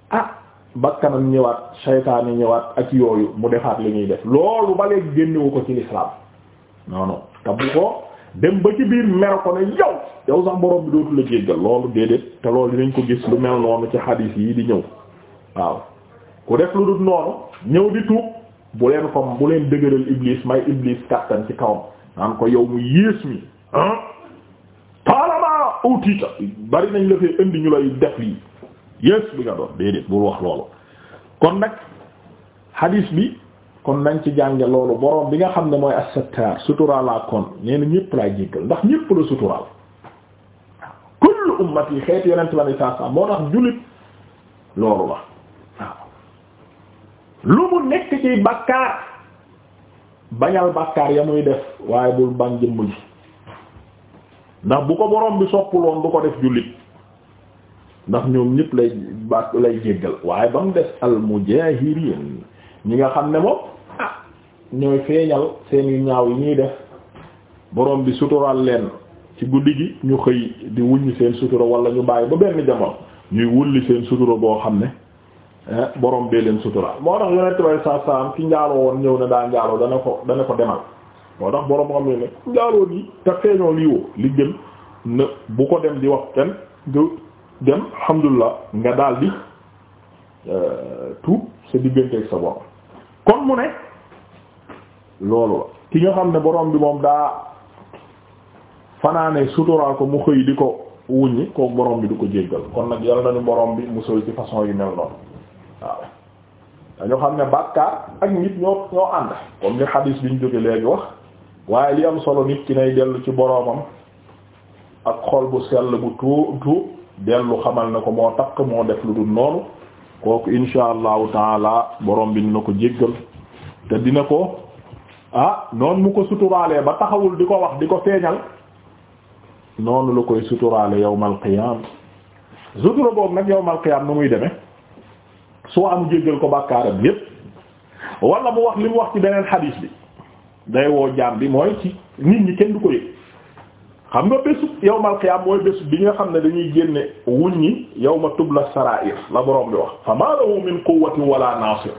ah bakkanam ñëwaat saytaane ñëwaat ak yooyu mu defaat li ñuy def loolu ba léegi génnewu ko ci lislaam non non te bu ko dem ba ci biir mer ko ne yow yow sax borom bi dootu la jéggal loolu déedéet te loolu dinañ ko gis lu mel noonu ci xadiis yi di ñëw waaw ku def lu dul noonu ñëw di tuub bu leen ko bu leen dëgëral iblis may iblis kàttan ci kawam naan ko yow mu yées mi ah. parlement autita bari nañ la fee indi ñu lay def lii. yées bi nga doon déedéet bul wax loolu kon nag hadis bi kon nañ ci jànge loolu boroom bi nga xam ne mooy as-Sattar suturaalaa kon nee na ñëpp laa jéggal ndax ñëpp la suturaal kullu ummati yi xeeti yonent la ne saa saa moo tax jullit loolu la waaw lu mu nekk ci bàkkaar bañal bàkkaar ya muy def waaye bul bañ jëmm ji ndax bu ko borom bi soppuloon du ko def jullit ndax ñoom ñëpp lay ba lay jéggal waaye ba mu des al mujaahirin ñi nga xam ne moom ah ñooy feeñal seen yu ñaaw yi ñuy def borom bi sutural leen ci guddi gi ñu xëy di wuññi seen sutura wala ñu bàyyi ba benn jamono ñuy wulli seen sutura boo xam ne eh, borom bee leen sutura moo tax yonent bay saa saam ki njaaloo woon ñëw ne daa njaaloo dana ko dana ko demal moo tax borom xam ne ne njaaloo nii te feeñoo lii li gën na bu ko dem di wax kenn dem alhamdulilah nga daal di euh, tuub sa digganteeg sa borom kon mu ne loolu la ki nga xam ne borom bi moom daa fanaane suturaal ko mu xëy di ko wuññi kooku borom bi du ko jéggal kon nag yàlla nañu borom bi mu sooy ci façon yu mel noonu waaw dañoo xam ne bàkkaar ak nit ñoo ñoo ànd comme li xadiis bi ñu jóge léegi wax waaye li am solo nit ki nay dellu ci boromam ak xol bu sell bu tuub tuub dellu xamal na ko moo takk moo def lu dul noonu kooku insha allahu taala borom bi na ko jéggal te dina ko ah noonu mu ko suturaalee ba taxawul di ko wax di ko feeñal noonu la koy suturaale yow qiyam sutura boobu nag yawmal qiyam nu muy demee soo am jéggal ko bàkkaaram yépp walla mu wax li mu wax ci beneen xadiis bi day woo jaam bi mooy ci nit ñi kenn du ko yëg xam nga bésu yawmal qiyaam mooy bés bi nga xam ne dañuy génne wuññi yow tubla sarair la borom bi wax fa ma lahu min quwwatin wala nasir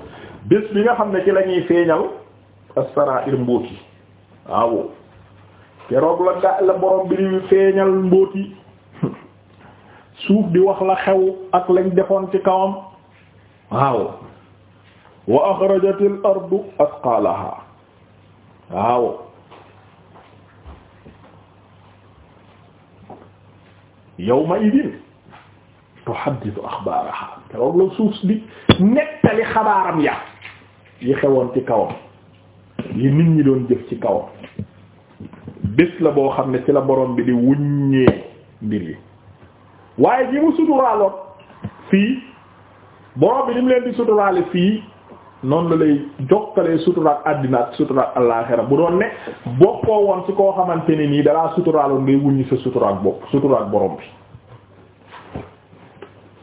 bés bi nga xam ne ci lañuy feeñal as-sarair mbóot yi waaw keroog la ga la borom bi di feeñal mbóot yi *laughs* suuf di wax la xew ak lañ defoon ci kawam waaw wa axrajatil ardu asqalaha waaw yawma idin tuhadditu axbaaraha keroog la suuf di nettali xabaaram ya yi xewoon ci kawam yi nit ñi doon jëf ci kawam bés la boo xam ne ci la borom bi di wuññee mbir yi waaye ji mu suturaaloon fii borom bi ni mu leen di suturaale fii noonu la lay jokkalee suturaak àddina ak suturaak àllaaxira bu doon ne bokkoo woon ci koo xamante ne nii dalaa suturaaloon ngay wuññi sa suturaak bopp suturaak borom bi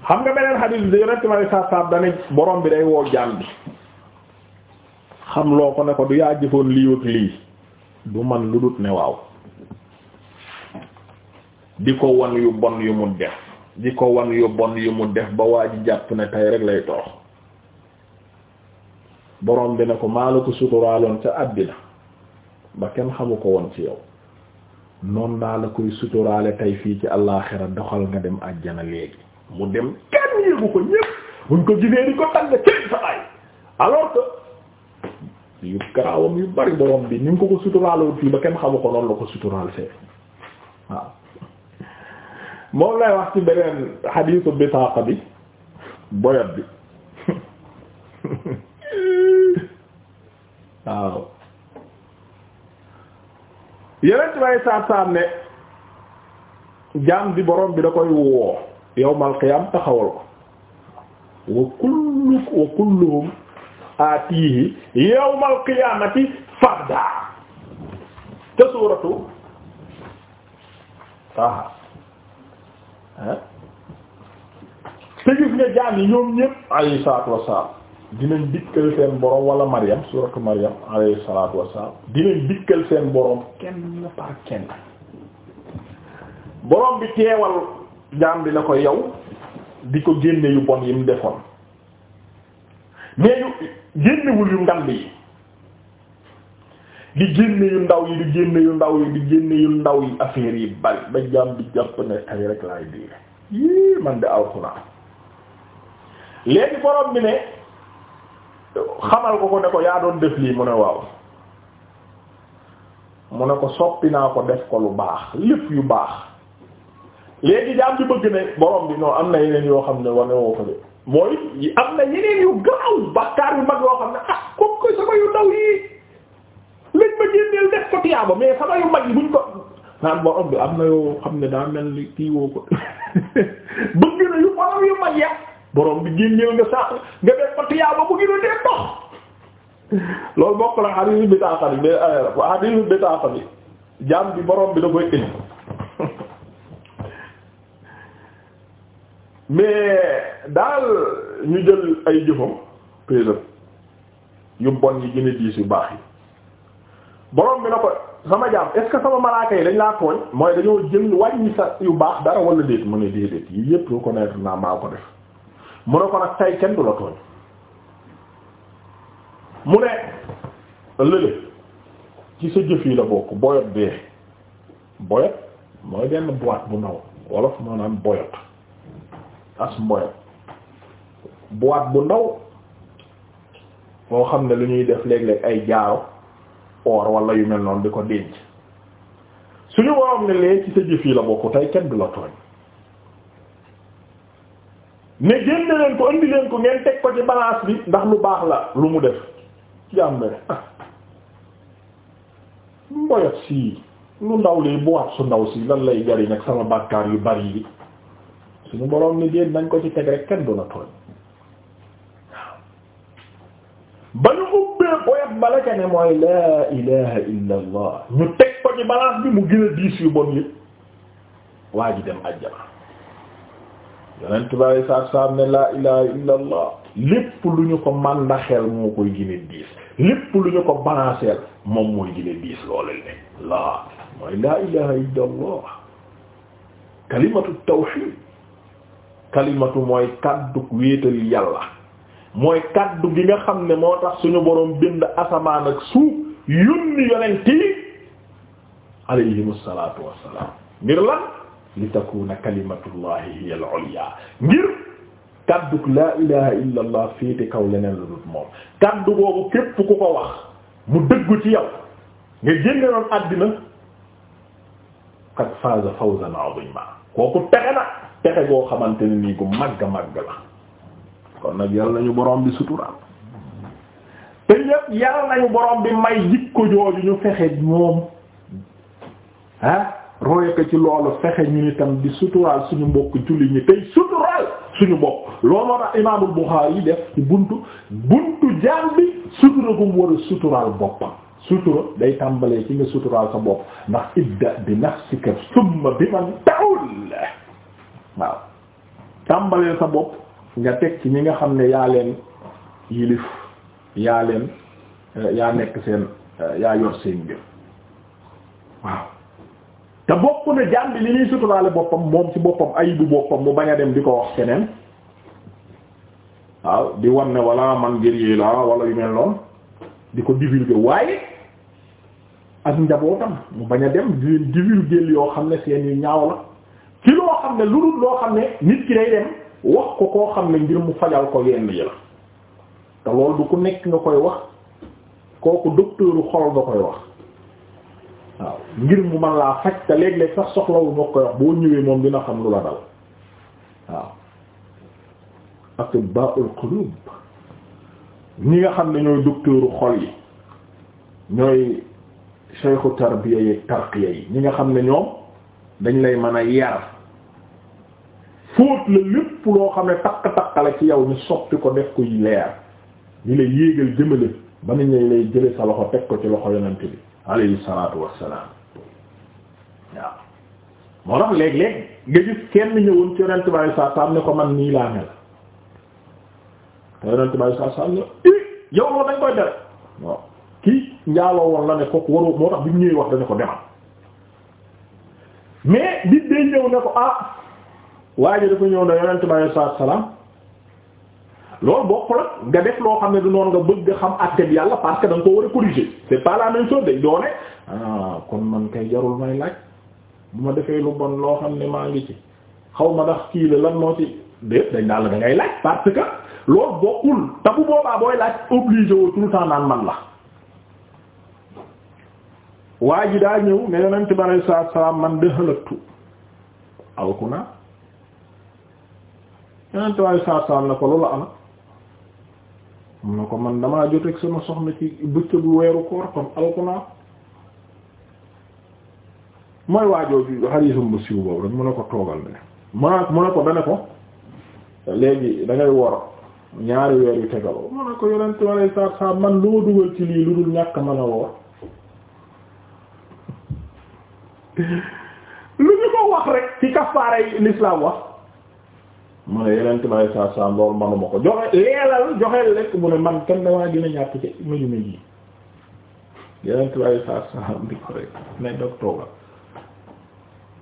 xam nga beneen xadiis bi yonent ma ne saa saab dana borom bi day woo jaam bi xam loo ko ne ko du yaa jëfoon lii ak lii du man lu dut ne waaw di ko wan yu bon yu mu def di ko wan yu bon yu mu def ba waa ji jàpp ne tey rek lay toox borom bi ne ko maa la ko suturaaloon ca àddina ba kenn xamu ko woon ci yow noon naa la koy suturaale tey fii ci àllaaxira doxal nga dem àjjana léegi mu dem kenn yéegu ko ñépp buñ ko gisee di ko tagg ci sa baay alors que yu garaawam yu bari borom bi ni ko ko suturaaloon fii ba kenn xamu ko noonu la ko suturaal fee waaw moom lay wax ci beneen xadiisu bitaaqa bi boyat bi waaw yeneen bay saat saam ne jaam bi borom bi da koy woo yawmal qiyaam taxawal ko wa kullu wa kulluhum aatihi yawmal qiyaamati farda te suuratu Taaha te gis nga jaam yi ñoom ñépp alayhi salaatu wassalaam dinañ dikkal seen borom wala Maryam suratu Maryam alayhi salatu wassalam dinañ dikkal seen borom kenn par kenn borom bi teewal jaam bi la ko yow di ko génne yu bon yi mu defoon mais yu génnewul yu ndàmb yi di génne yu ndaw yi di génne yu ndaw yi di génne yu ndaw yi affaire yi bari ba jaam bi jàpp ne tay rek laay dégg yii man de alxuraan léegi borom bi ne. xamal ko ko ne ko yaa doon def lii mu ne waaw mu ne ko soppi naa ko def ko lu baax lépp yu baax léegi jaam bi bëgg ne borom bi non am na yeneen yoo xam ne wane woo ko de mooy am na yeneen yu gaaw bakkaar yu mag yoo xam ne ah comme que sama yu ndaw yi lañ ma génneel def ko tiyaaba mais sama yu mag yi buñ ko naan borom bi am na yoo xam ne daa mel ni kii ko *laughs* bëgg na yu mag ya borom bi génneel nga sax nga def ko tiyaaba bu gën a dee ndox loolu bokk la hadiisu bitaaqa bi euh, hadiisu bi jaam bi borom bi da koy *laughs* mais daal ñu jël ay jëfam péser yu bon yi gën a diis yu baax yi borom bi na ko sama jaam est-ce que sama malaaka yi dañ laa tooñ mooy dañoo jël wàññi sa yu baax dara wala déet mu ne déedéet yi yépp reconnaître naa maa ko def mu ne ko nag tay kenn du la tooñ mu ne lële ci sa jëf yi la bokk boyot bee boyot mooy benn boîte bu ndaw wolof moo naan boyot as mboyot boîte bu ndaw moo xam ne lu ñuy def léeg-léeg ay jaaro or wala yu mel noonu di ko denc suñu waroon ne lee ci sa jëf yi la bokk tey kenn du la tooñ ne génne leen ko indi leen ko ngeen teg ko ci balance bi ndax lu baax la lu mu def jàmm am ah mboyat sii lu ndaw lii bu waat ndaw si lan lay jariñ ak sama bàkkaar yu bari yi suñu boroom ni génn nañ ko ci teg rek kenn du la tooñ ba ñu ubbee boyat bala ne mooy laa ilaha illa allah ñu ko ci balance bi mu gën a diis yu bon yi waa ji dem àjjana yonent bi saab saab ne laa ilaha illa lépp lu ñu ko màndaxeel moo koy gine diis lépp lu ñu ko balanceel moom mooy gine diis loolu ne laa mooy laa ilaha illa kalimatu tawhid kalimatu mooy kàddu wéetal yàlla mooy kàddu gi nga xam ne moo tax suñu boroom bind asamaan ak suuf yónni yonent alayhimu salaatu wassalaam ngir lan li takuna kalimatullahi hiya al-ulya ngir kadduk laa ilaha illa allah féete kaw leneen lu dul moom kaddu boobu képp ku ko wax mu dëggu ci yow nga génne doon àddina qad faaza fawzan azima kooku texe na texe goo xamante ni nii gu màgg màgg la kon nag yàlla nañu borom bi suturaal te ñépp nañu borom bi may ko jooju ñu fexe moom ah roye ko ci loolu fexe ñu itam di suturaal suñu mbokk julli ñi tey suturaal suñu bopp loolu war a imaamul Buxaari yi def ci buntu buntu jaam bi sutura bu mu suturaal boppam sutura day tàmbalee ci nga suturaal sa bopp ndax ibda bi nafsika summa bi man ta'ul waaw tàmbalee sa bopp nga teg ci ñi nga xam ne yaa leen yilif yaa leen yaa nekk seen yaa yor seen mbir te bokk na jaam li ñuy suturaale boppam moom ci boppam ayibu boppam mu bañ a dem di ko wax seneen waaw di wan ne walla man guerrier la wala yu mel noonu di ko divulguer waaye ak njabootam mu bañ a dem di leen divulguer yoo xam ne seen yu ñaaw la ci loo xam ne lu dul loo xam ne nit ki day dem wax ko koo xam ne ngir mu fajal ko yenn yi la te loolu du ku nekk nga koy wax kooku docteuru xol nga koy wax waaw ngir mu man laa faj te léeg-léeg sax soxlawul moo koy wax boo ñëwee moom dina xam lu la dal waaw atibbaa'ul qulub ñi nga xam ne ñooy docteuru xol yi ñooy shaykhu tarbiya ñi nga xam ne ñoom dañ lay mën a yar fóot la lépp loo xam ne takk-takk ci yow ñu soppi ko def ko leer ñu lay yéegal jëmale ba nañ lay jële sa loxo teg ko ci loxo yonent bi alayhi salaatu wassalaam waaw moo tax léeg-léeg nga kenn ñëwoon ci yonent bi saa ne ko man nii laa mel te yonent bi saa saa ne eh, yow loolu dañ koy dere waaw kii njaaloo woon la ne ko waroo moo tax bi ñuy wax dañ ko demal mais nit day ñëw ne ko ah waaye dafa ñëw ne yonent bi salaam loolu bokkul ak nga def loo xam ne du noonu nga bëgg xam àtte yàlla part que da ko war a corriger c'est pas la même day doone ah kon man kay jarul may laaj bu ma defee lu bon loo xam ne maa ngi ci xaw ma ndax kii la lan moo ci déet dañ daal la ngay laaj parce que loolu bokkul te bu boobaa booy laaj obligé woo man la. waa ji daa ñëw ne yonent bi salaam man de xëlëtu alku naa yonent bi alayhi salaam ne ko loolu am. mu ne ko man damaa joteeg sama soxna ci bu weeru koor kon alkunaa mooy waajooju xarisam bu siw boobu rek mu ne ko toogal ne mu ne ko dane ko léegi dangay ngay ñaari weer yu tegaloo mu ne ko yonent ma lay saar saar man lu ma dugal ci lii lu dul ñàkk mën a woor lu ñu ko wax rek ci kafaara yi l'islam wax mu ne yeneen tubaab yi saa saa loolu manuma ko joxe leelal joxe lekk mu ne man kenn damaa gën a ci maju ma ji yeneen tubaab saa saa di ko rek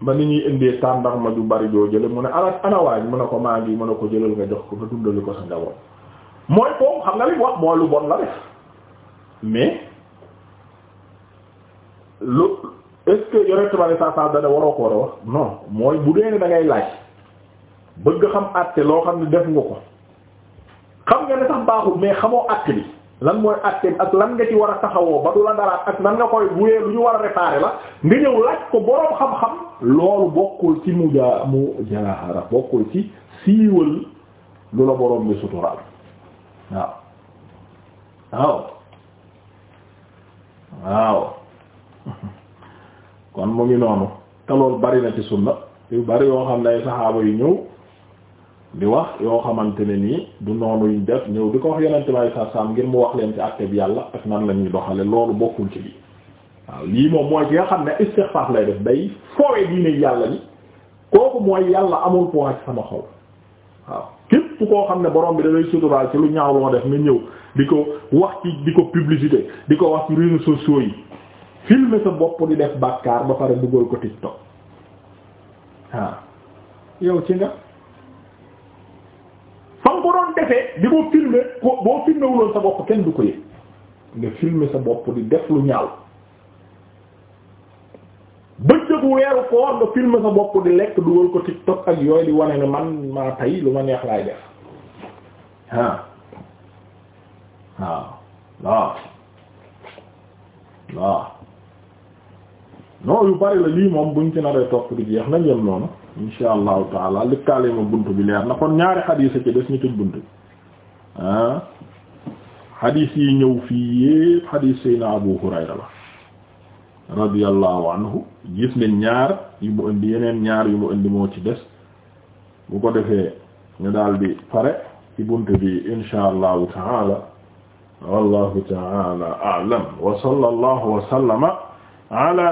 ne ni ñuy indee tàndax ma ju bari joo jële mu ne ala anawaañ mu a ko maa ngi mu ne ko jëlal nga jox ko nga dundali ko sa njaboot mooy foofu xam nga li wax mooy lu bon la def mais lu est-ce que yeneen saa saa da waroo ko war a wax non mooy bu dee da ngay laaj. bëgg xam àtte loo xam ne def nga ko xam nga ne sax baaxul mais xamoo àtte bi lan mooy àtte bi ak lan nga ci war a taxawoo ba du la daraat ak nan nga koy wuyee lu ñu war a réparer la nga ñëw laaj ko boroom xam-xam loolu bokkul ci mu jaa mu jaahara bokkul ci siiwal lu la boroom bi suturaal waaw waaw waaw *laughs* kon mu ngi noonu te bari na ci sunna yu bari yoo xam ne ay saxaaba yu ñëw di wax yoo xamante ne nii du noonu yuñ def ñëw di ko wax yonente may sarsam ngir mu wax leen ci àtte bi yàlla ak nan la ñuy doxale loolu bokkul ci bi waaw lii moom mooy ki nga xam ne istixfaar lay def day foowe diine yàlla ni kooku mooy yàlla amul poids ci sama xol waaw képp koo xam ne borom bi dafay suturaal ci lu ñaaw loo def nga ñëw di ko wax ci di ko publicité di ko wax ci réseaux sociaux yi filmer sa bopp di def bàkkaar ba pare dugal ko TikTok ko doon defee di ko boo filmer wuloon sa bopp kenn du ko yëg nga filmer sa bopp di def lu ñaaw bëccëgu weeru koor nga filmer sa bopp di lekk dugal ko TikTok ak yooyu di wane ne man maa tay lu ma neex laay def ah waaw waaw waaw non yu bari la lii moom buñ ci naree topp di jeex nañ yem noonu insha allahu taala lëkkaale ma bunt bi leer na kon ñaari xadiis a ci des ñu tëj bunt bi ah xadiis yi ñëw fii yépp xadiis sayna Abu Hurayra la radiyallahu anhu gis ne ñaar yu mu indi moo ci des bu ko defee ñu daal di pare ci bunt bi insha taala wallahu taala a'lam wa sallallahu wa sallama wa ala